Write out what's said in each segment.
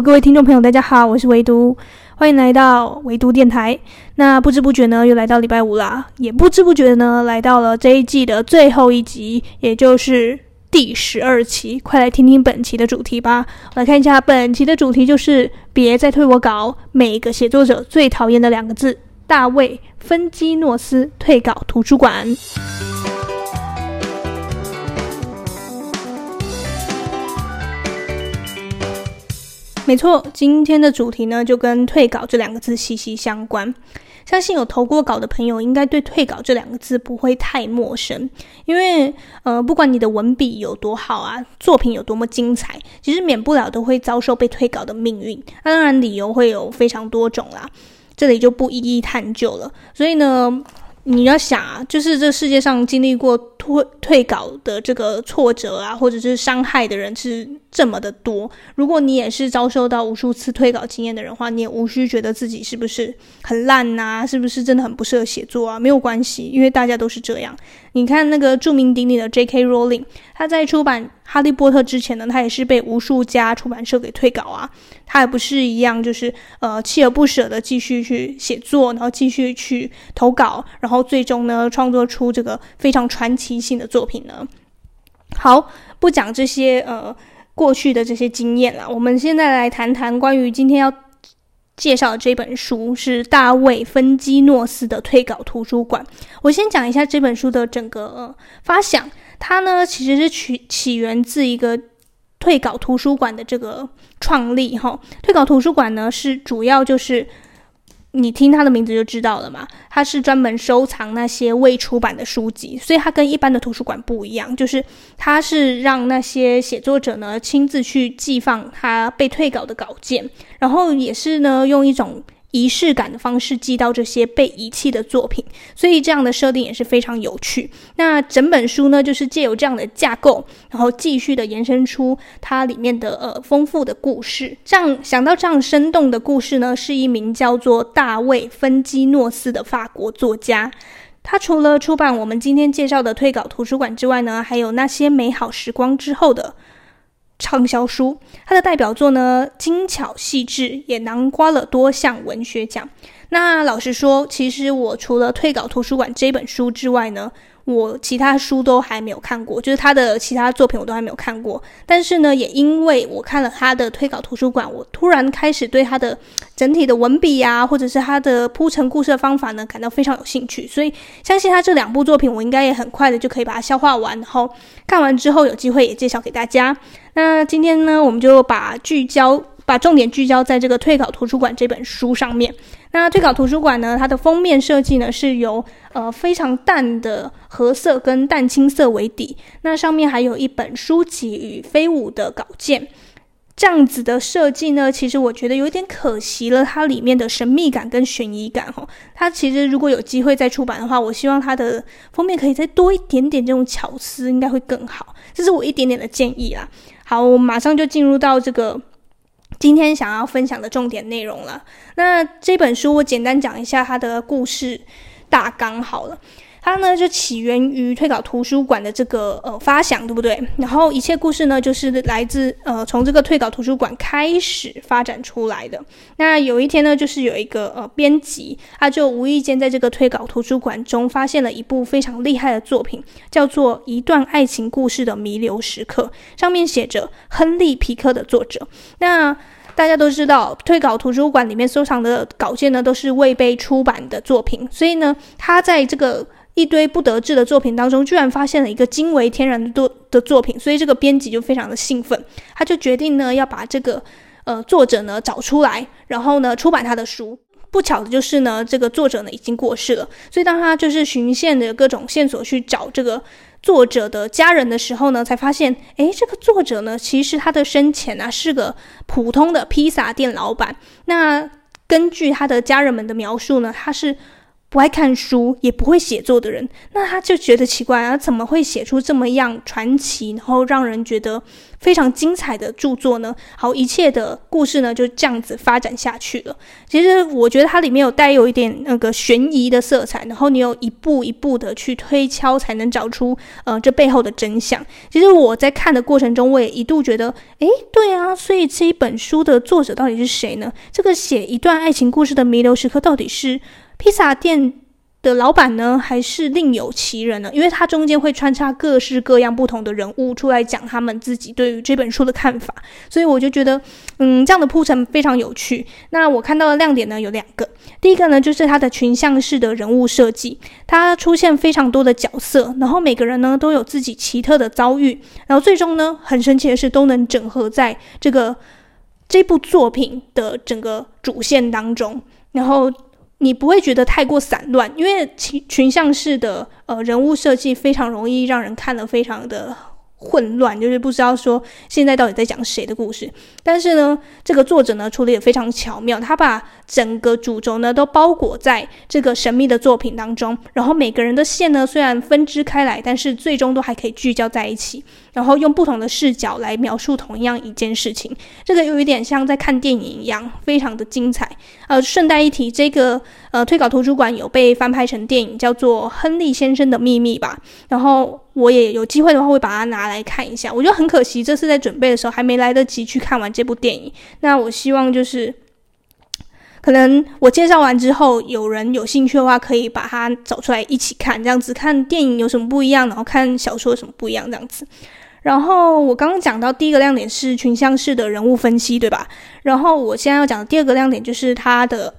各位聽眾朋友，大家好，我是微讀。歡迎來到微讀電台。那不知不覺呢，又來到禮拜五啦，也不知不覺呢，來到了這一季的最後一集，也就是第十二期。快來聽聽本期的主題吧。我來看一下本期的主題，就是別再退我稿，每一個寫作者最討厭的兩個字——大衛·芬基諾斯退稿圖書館。沒錯，今天的主題呢就跟退稿這兩個字息息相關。相信有投過稿的朋友，應該對退稿這兩個字不會太陌生。因為，呃，不管你的文筆有多好啊，作品有多麼精彩，其實免不了都會遭受被退稿的命運。那當然，理由會有非常多種啦，這裡就不一一探究了。所以呢，你要想啊，就是這世界上經歷過退稿的這個挫折啊，或者是傷害的人是這麼的多。如果你也是遭受到無數次退稿經驗的人的話，你也無需覺得自己是不是很爛吶、啊，是不是真的很不適合寫作啊？沒有關係，因為大家都是這樣。你看那個著名鼎鼎的 J.K. Rowling，他在出版《哈利波特》之前呢，他也是被無數家出版社給退稿啊。他也不是一樣，就是呃，鍥而不捨的繼續去寫作，然後繼續去投稿，然後最終呢，創作出這個非常傳奇。新的作品呢。好，不講這些呃過去的這些經驗了。我們現在來談談關於今天要介紹的這本書，是大衛·芬基諾斯的《退稿圖書館》。我先講一下這本書的整個、呃、發想，它呢其實是起起源自一個退稿圖書館的這個創立。哈、哦，退稿圖書館呢是主要就是。你聽他的名字就知道了嘛，他是專門收藏那些未出版的書籍，所以他跟一般的圖書館不一樣，就是他是讓那些寫作者呢親自去寄放他被退稿的稿件，然後也是呢用一種。儀式感的方式寄到這些被遺棄的作品，所以這樣的設定也是非常有趣。那整本書呢，就是借由這樣的架構，然後繼續的延伸出它裡面的呃豐富的故事。這樣想到這樣生動的故事呢，是一名叫做大衛·芬基諾斯的法國作家。他除了出版我們今天介紹的退稿圖書館之外呢，還有那些美好時光之後的。暢銷書，它的代表作呢，精巧細緻，也囊括了多項文學獎。那老實說，其實我除了《退稿圖書館》這本書之外呢。我其他書都還沒有看過，就是他的其他作品我都還沒有看過。但是呢，也因為我看了他的退稿圖書館，我突然開始對他的整體的文筆啊，或者是他的鋪陳故事的方法呢，感到非常有興趣。所以，相信他這兩部作品，我應該也很快的就可以把它消化完。然後看完之後，有機會也介紹給大家。那今天呢，我們就把聚焦，把重點聚焦在這個退稿圖書館這本書上面。那退稿圖書館呢，它的封面設計呢，是由呃非常淡的褐色跟淡青色為底，那上面還有一本書籍與飛舞的稿件，這樣子的設計呢，其實我覺得有點可惜了，它裡面的神秘感跟懸疑感，哦，它其實如果有機會再出版的話，我希望它的封面可以再多一點點這種巧思，應該會更好。這是我一點點的建議啦。好，我馬上就進入到這個。今天想要分享的重點內容了。那這本書，我簡單講一下它的故事大綱好了。它呢就起源於退稿圖書館的這個呃發想，對不對？然後一切故事呢就是來自呃從這個退稿圖書館開始發展出來的。那有一天呢，就是有一個呃編輯，他就無意間在這個退稿圖書館中發現了一部非常厲害的作品，叫做《一段愛情故事的彌留時刻》，上面寫着亨利·皮克的作者。那大家都知道，退稿圖書館裡面收藏的稿件呢都是未被出版的作品，所以呢，他在這個。一堆不得志的作品當中，居然發現了一個驚為天人的作的作品，所以這個編輯就非常的興奮，他就決定呢要把這個呃作者呢找出來，然後呢出版他的書。不巧的就是呢，這個作者呢已經過世了，所以當他就是循線的各種線索去找這個作者的家人的時候呢，才發現，哎，這個作者呢其實他的生前呢是個普通的披薩店老闆。那根據他的家人們的描述呢，他是。不愛看書也不會寫作的人，那他就覺得奇怪啊，怎麼會寫出這麼樣傳奇，然後讓人覺得非常精彩的著作呢？好，一切的故事呢就這樣子發展下去了。其實我覺得它裡面有帶有一點那個懸疑的色彩，然後你又一步一步的去推敲，才能找出呃這背後的真相。其實我在看的過程中，我也一度覺得，誒，對啊，所以這一本書的作者到底是誰呢？這個寫一段愛情故事的彌留時刻到底是？披薩店的老闆呢，還是另有其人呢？因為他中間會穿插各式各樣不同的人物出來講他們自己對於這本書的看法，所以我就覺得，嗯，這樣的鋪陳非常有趣。那我看到的亮點呢有兩個，第一個呢就是他的群像式的人物設計，它出現非常多的角色，然後每個人呢都有自己奇特的遭遇，然後最終呢很神奇的是都能整合在這個這部作品的整個主線當中，然後。你不會覺得太過散亂，因為群群像式的呃人物設計非常容易讓人看得非常的。混亂，就是不知道說現在到底在講誰的故事，但是呢，這個作者呢處理也非常巧妙，他把整個主軸呢都包裹在這個神秘的作品當中，然後每個人的線呢雖然分支開來，但是最終都還可以聚焦在一起，然後用不同的視角來描述同樣一件事情，這個又有點像在看電影一樣，非常的精彩。呃，順帶一提，這個呃退稿圖書館有被翻拍成電影，叫做《亨利先生的秘密》吧，然後。我也有機會的話，會把它拿來看一下。我覺得很可惜，這次在準備的時候還沒來得及去看完這部電影。那我希望就是，可能我介紹完之後，有人有興趣的話，可以把它找出來一起看，這樣子看電影有什麼不一樣，然後看小說有什麼不一樣，這樣子。然後我剛剛講到第一個亮點是群像式的人物分析，對吧？然後我現在要講的第二個亮點就是它的。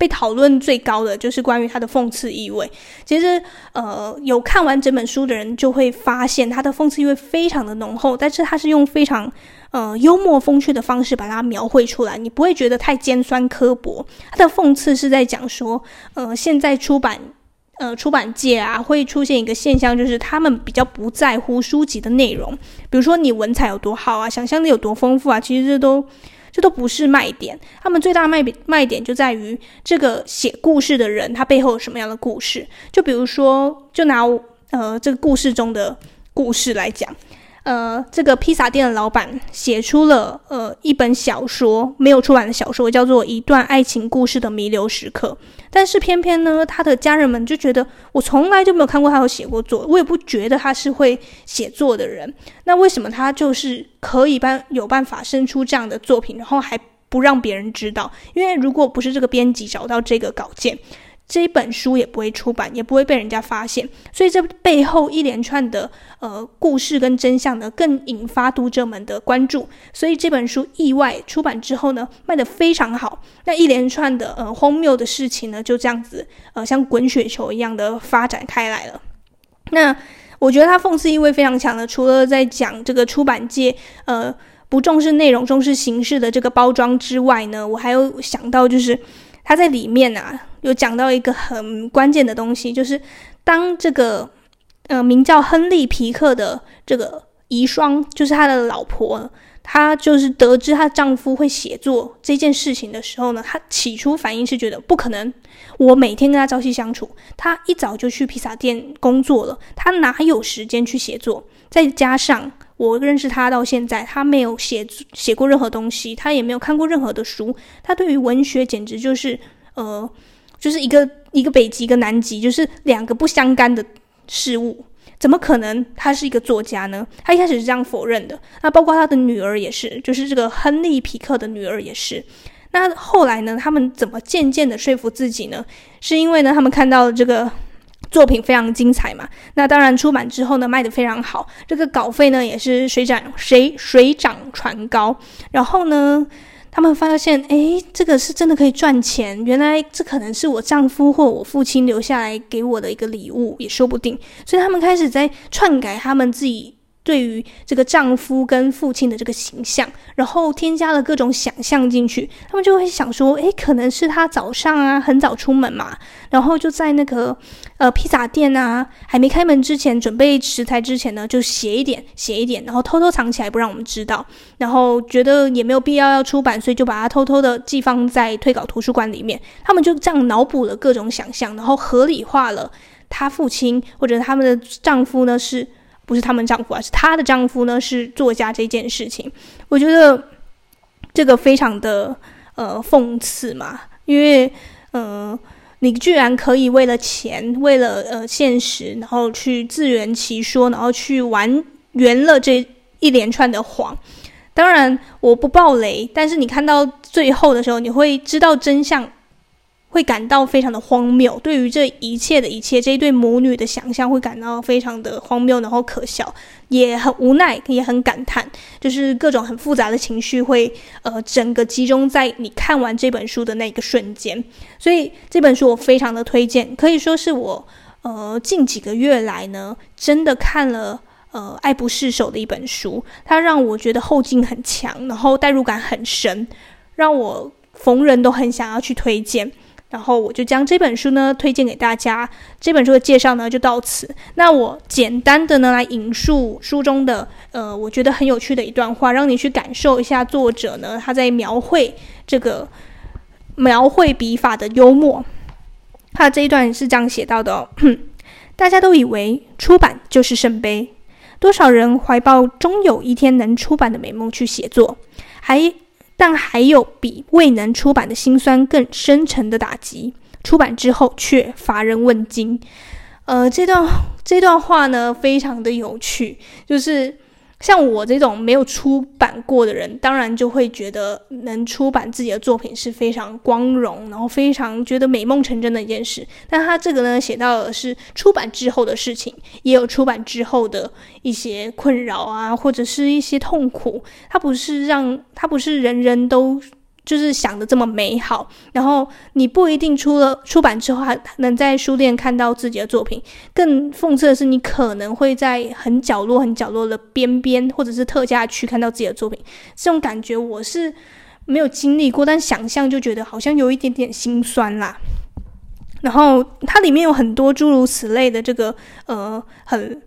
被討論最高的就是關於它的諷刺意味。其實，呃，有看完整本書的人就會發現，他的諷刺意味非常的濃厚，但是他是用非常呃幽默風趣的方式把它描繪出來，你不會覺得太尖酸刻薄。他的諷刺是在講說，呃，現在出版呃出版界啊會出現一個現象，就是他們比較不在乎書籍的內容，比如說你文采有多好啊，想象力有多豐富啊，其實這都。這都不是賣點，他們最大賣點賣點就在於這個寫故事的人，他背後有什麼樣的故事。就比如說，就拿呃這個故事中的故事來講。呃，這個披薩店的老闆寫出了呃一本小說，沒有出版的小說，叫做《一段愛情故事的彌留時刻》。但是偏偏呢，他的家人們就覺得，我從來就沒有看過他有寫過作，我也不覺得他是會寫作的人。那為什麼他就是可以辦，有辦法生出這樣的作品，然後還不讓別人知道？因為如果不是這個編輯找到這個稿件。這一本書也不會出版，也不會被人家發現，所以這背後一連串的呃故事跟真相呢，更引發讀者們的關注。所以這本書意外出版之後呢，賣得非常好。那一連串的呃荒謬的事情呢，就這樣子呃像滾雪球一樣的發展開來了。那我覺得它諷刺意味非常強的，除了在講這個出版界呃不重視內容、重視形式的這個包裝之外呢，我還有想到就是它在裡面啊。有講到一個很關鍵的東西，就是當這個呃，名叫亨利皮克的這個遺孀，就是他的老婆，她就是得知她丈夫會寫作這件事情的時候呢，她起初反應是覺得不可能。我每天跟他朝夕相處，他一早就去披薩店工作了，他哪有時間去寫作？再加上我認識他到現在，他沒有寫寫過任何東西，他也沒有看過任何的書，他對於文學簡直就是呃。就是一個一個北極一個南極，就是兩個不相干的事物，怎麼可能他是一個作家呢？他一開始是這樣否認的。那包括他的女兒也是，就是這個亨利·皮克的女兒也是。那後來呢，他們怎麼漸漸地說服自己呢？是因為呢，他們看到了這個作品非常精彩嘛。那當然出版之後呢，賣得非常好，這個稿費呢也是水漲水漲船高。然後呢，他們發現，哎、欸，這個是真的可以賺錢。原來這可能是我丈夫或我父親留下來給我的一個禮物，也說不定。所以他們開始在篡改他們自己。對於這個丈夫跟父親的這個形象，然後添加了各種想象進去，他們就會想說，誒，可能是他早上啊，很早出門嘛，然後就在那個呃披薩店啊，還沒開門之前，準備食材之前呢，就寫一點，寫一點，然後偷偷藏起來不讓我們知道，然後覺得也沒有必要要出版，所以就把它偷偷的寄放在退稿圖書館裡面。他們就這樣腦補了各種想象，然後合理化了他父親或者他們的丈夫呢是不是他們丈夫啊，是她的丈夫呢，是作家這件事情，我覺得這個非常的呃諷刺嘛，因為呃，你居然可以為了錢，為了呃現實，然後去自圓其說，然後去完圓了這一連串的謊。當然我不爆雷，但是你看到最後的時候，你會知道真相。會感到非常的荒謬，對於這一切的一切，這一對母女的想象會感到非常的荒謬，然後可笑，也很無奈，也很感嘆，就是各種很複雜的情緒會，呃，整個集中在你看完這本書的那個瞬間。所以這本書我非常的推薦，可以說是我，呃，近幾個月來呢，真的看了，呃，愛不釋手的一本書。它讓我覺得後勁很強，然後代入感很深，讓我逢人都很想要去推薦。然後我就將這本書呢推薦給大家。這本書的介紹呢就到此。那我簡單的呢來引述書中的呃，我覺得很有趣的一段話，讓你去感受一下作者呢他在描繪這個描繪筆法的幽默。他這一段是這樣寫到的哦：大家都以為出版就是聖杯，多少人懷抱終有一天能出版的美夢去寫作，還。但還有比未能出版的辛酸更深沉的打擊，出版之後卻乏人問津。呃，這段這段話呢，非常的有趣，就是。像我這種沒有出版過的人，當然就會覺得能出版自己的作品是非常光榮，然後非常覺得美夢成真的一件事。但他這個呢，寫到的是出版之後的事情，也有出版之後的一些困擾啊，或者是一些痛苦。他不是讓，他不是人人都。就是想的這麼美好，然後你不一定出了出版之後還能在書店看到自己的作品。更諷刺的是，你可能會在很角落、很角落的邊邊或者是特價區看到自己的作品。這種感覺我是沒有經歷過，但想象就覺得好像有一點點心酸啦。然後它裡面有很多諸如此類的這個呃很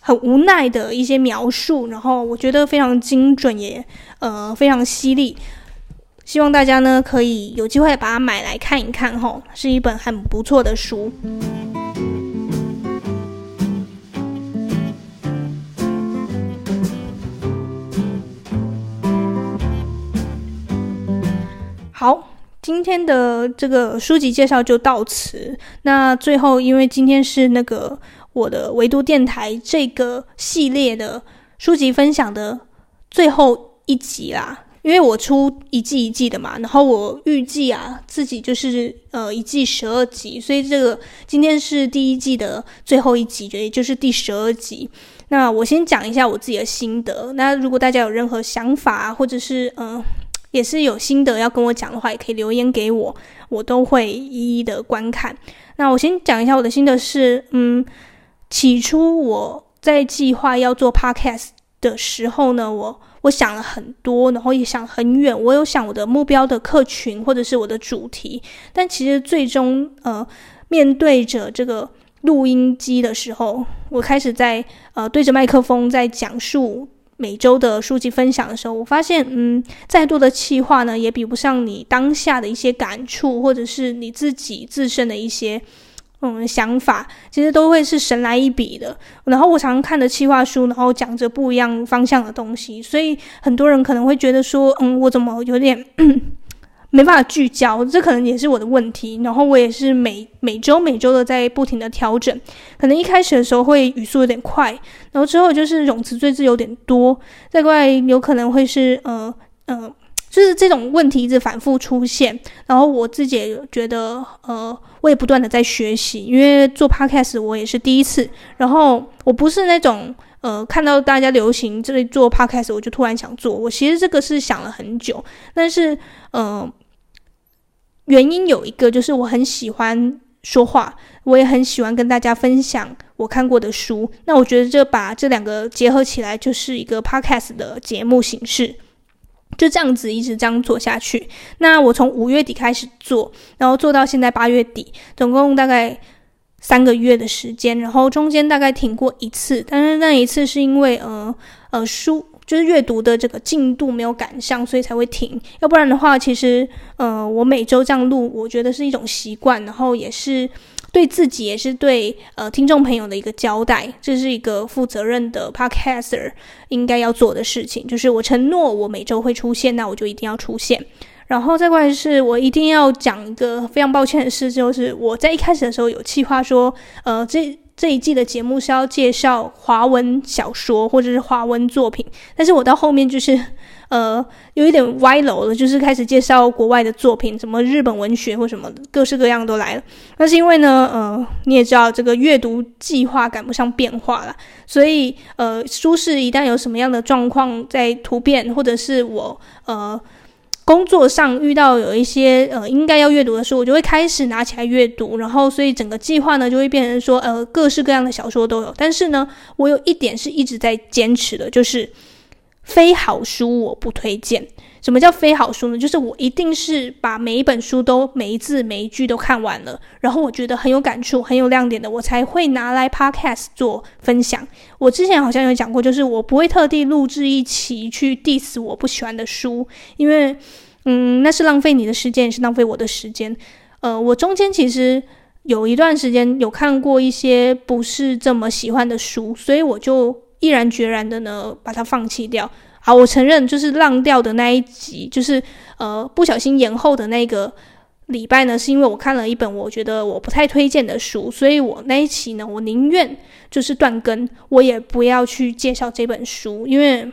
很無奈的一些描述，然後我覺得非常精準也，也呃非常犀利。希望大家呢可以有機會把它買來看一看齁，是一本很不錯的書。好，今天的這個書籍介紹就到此。那最後，因為今天是那個我的微讀電台這個系列的書籍分享的最後一集啦。因為我出一季一季的嘛，然後我預計啊，自己就是呃一季十二集，所以這個今天是第一季的最後一集，也就是第十二集。那我先講一下我自己的心得。那如果大家有任何想法啊，或者是嗯、呃、也是有心得要跟我講的話，也可以留言給我，我都會一一的觀看。那我先講一下我的心得是，嗯，起初我在計劃要做 podcast 的時候呢，我。我想了很多，然後也想很遠。我有想我的目標的客群或者是我的主題，但其實最終，呃，面對着這個錄音機的時候，我開始在呃對着麥克風在講述每周的書籍分享的時候，我發現，嗯，再多的計劃呢，也比不上你當下的一些感觸，或者是你自己自身的一些。嗯，想法其實都會是神來一筆的。然後我常看的企劃書，然後講着不一樣方向的東西，所以很多人可能會覺得說，嗯，我怎麼有點、嗯、沒辦法聚焦？這可能也是我的問題。然後我也是每每周每周的在不停的調整，可能一開始的時候會語速有點快，然後之後就是冗詞贅字有點多，再過來有可能會是呃呃。呃就是這種問題一直反覆出現，然後我自己也覺得，呃，我也不斷的在學習，因為做 podcast 我也是第一次，然後我不是那種，呃，看到大家流行這裡做 podcast 我就突然想做，我其實這個是想了很久，但是，呃，原因有一個就是我很喜歡說話，我也很喜歡跟大家分享我看過的書，那我覺得這把這兩個結合起來就是一個 podcast 的節目形式。就這樣子一直這樣做下去。那我從五月底開始做，然後做到現在八月底，總共大概三個月的時間。然後中間大概停過一次，但是那一次是因為呃呃書就是閱讀的這個進度沒有趕上，所以才會停。要不然的話，其實呃我每周這樣錄，我覺得是一種習慣，然後也是。對自己也是對呃聽眾朋友的一個交代，這是一個負責任的 Podcaster 應該要做的事情。就是我承諾我每周會出現，那我就一定要出現。然後再過來，就是我一定要講一個非常抱歉的事，就是我在一開始的時候有計劃說，呃，這這一季的節目是要介紹華文小說或者是華文作品，但是我到後面就是。呃，有一點歪樓了，就是開始介紹國外的作品，什麼日本文學或什麼的，各式各樣都來了。那是因為呢，呃，你也知道這個閱讀計劃趕不上變化啦。所以呃，書市一旦有什麼樣的狀況在突變，或者是我呃工作上遇到有一些呃應該要閱讀的書，我就會開始拿起來閱讀，然後所以整個計劃呢就會變成說，呃，各式各樣的小說都有。但是呢，我有一點是一直在堅持的，就是。非好書我不推薦。什麼叫非好書呢？就是我一定是把每一本書都每一字每一句都看完了，然後我覺得很有感觸、很有亮點的，我才會拿來 podcast 做分享。我之前好像有講過，就是我不會特地錄制一期去 diss 我不喜歡的書，因為，嗯，那是浪費你的時間，也是浪費我的時間。呃，我中間其實有一段時間有看過一些不是這麼喜歡的書，所以我就。毅然決然的呢，把它放棄掉。好，我承認就是浪掉的那一集，就是呃不小心延後的那個禮拜呢，是因為我看了一本我覺得我不太推薦的書，所以我那一期呢，我寧願就是斷更，我也不要去介紹這本書，因為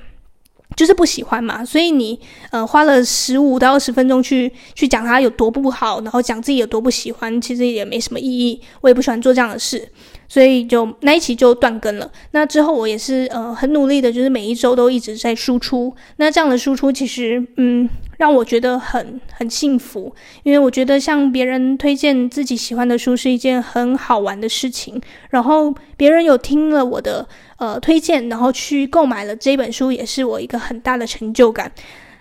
就是不喜歡嘛。所以你呃花了十五到二十分鐘去去講它有多不好，然後講自己有多不喜歡，其實也沒什麼意義。我也不喜歡做這樣的事。所以就那一期就斷更了。那之後我也是呃很努力的，就是每一周都一直在輸出。那這樣的輸出其實嗯讓我覺得很很幸福，因為我覺得向別人推薦自己喜歡的書是一件很好玩的事情。然後別人有聽了我的呃推薦，然後去購買了這本書，也是我一個很大的成就感。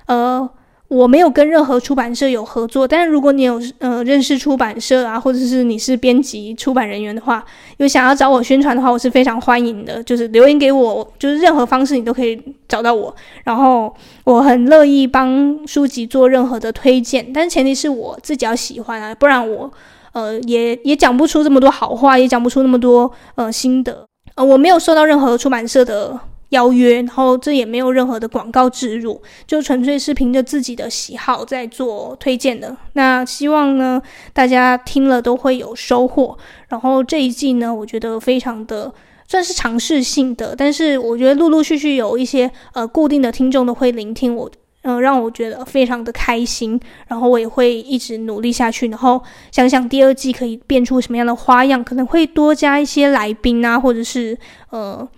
呃。我沒有跟任何出版社有合作，但是如果你有呃認識出版社啊，或者是你是編輯、出版人員的話，有想要找我宣傳的話，我是非常歡迎的，就是留言給我，就是任何方式你都可以找到我，然後我很樂意幫書籍做任何的推薦，但是前提是我自己要喜歡啊，不然我呃也也講不出這麼多好話，也講不出那麼多呃心得，呃我沒有收到任何出版社的。邀約，然後這也沒有任何的廣告植入，就純粹是憑着自己的喜好在做推薦的。那希望呢，大家聽了都會有收穫。然後這一季呢，我覺得非常的算是嘗試性的，但是我覺得陸陸續續有一些呃固定的聽眾都會聆聽我，呃讓我覺得非常的開心。然後我也會一直努力下去，然後想想第二季可以變出什麼樣的花樣，可能會多加一些來賓啊，或者是呃。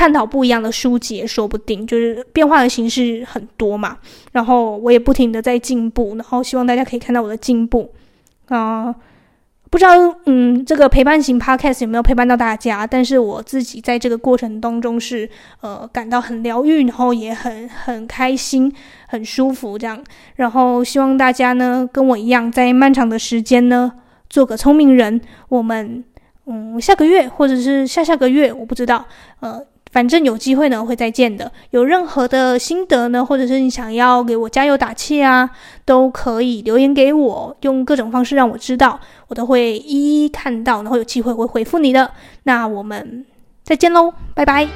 探討不一樣的書籍也說不定，就是變化的形式很多嘛。然後我也不停地在進步，然後希望大家可以看到我的進步啊、呃。不知道嗯，這個陪伴型 podcast 有沒有陪伴到大家？但是我自己在這個過程當中是呃感到很療癒，然後也很很開心、很舒服這樣。然後希望大家呢跟我一樣，在漫長的時間呢做個聰明人。我們嗯，下個月或者是下下個月，我不知道呃。反正有機會呢，會再見的。有任何的心得呢，或者是你想要給我加油打氣啊，都可以留言給我，用各種方式讓我知道，我都會一一看到，然後有機會會回復你的。那我們再見嘍，拜拜。